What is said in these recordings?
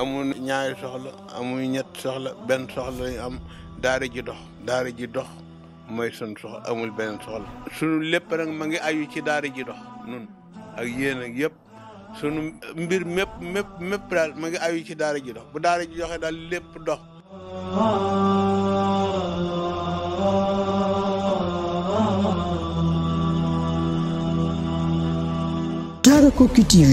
amu ñaari soxla amu ñett soxla benn soxla lañu am daara ji dox daara ji dox mooy sun soxla amul beneen soxla sunu lépp nag ma ngi ayu ci daara ji dox nun ak yéen ak yëpp sunu mbir mépp mépp ma ngi ayu ci daara ji dox bu daara ji doxee daal lépp dox Daarakoki TV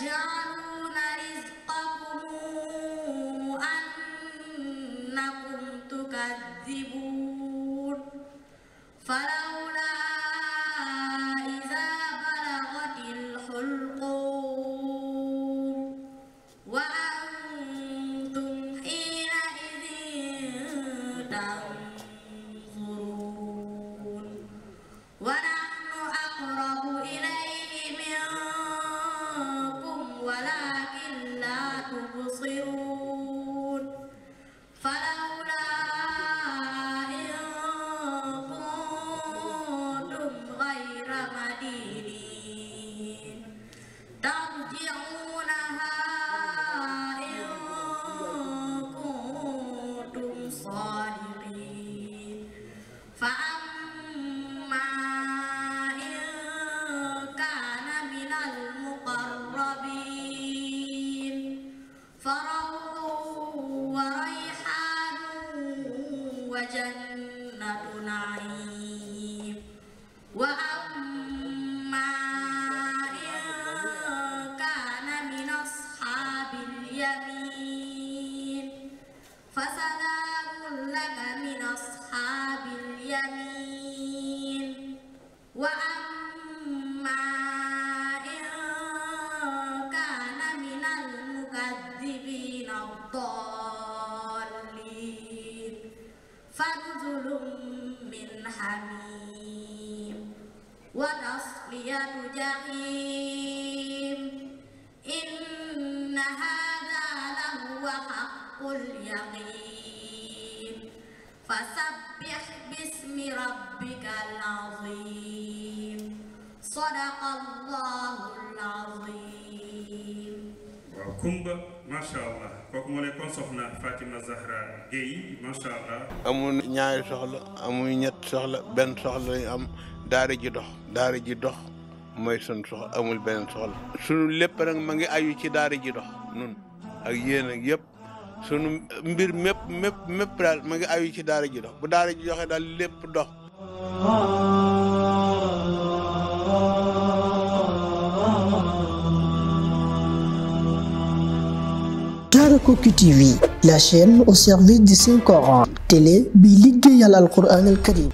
تجعلون رزقكم أنكم تكذبون فلا وجنة نعيم وأما إن كان من أصحاب اليمين فسلام لك من أصحاب اليمين وأما إن كان من المكذبين الضالين فنزل من حميم وتصلية جحيم إن هذا لهو حق اليقين فسبح باسم ربك العظيم صدق الله العظيم. macha allah kooku moo nekkoon soxna Fatima Zahra Guèye macha allah. amul ñaari soxla amu ñett soxla benn soxla lañu am daara ji dox daara ji dox mooy sunu soxla amul benn soxla. sunu lépp nag ma ngi ayu ci daara ji dox nun ak yéen ak yëpp sunu mbir mépp mépp mépp daal ngi ayu ci daara ji dox bu daara ji doxee daal lépp dox. Ah. Daarakoki TV la chaîne au service du Saint Coran télé bi liggéeyal al Qur'an al Karim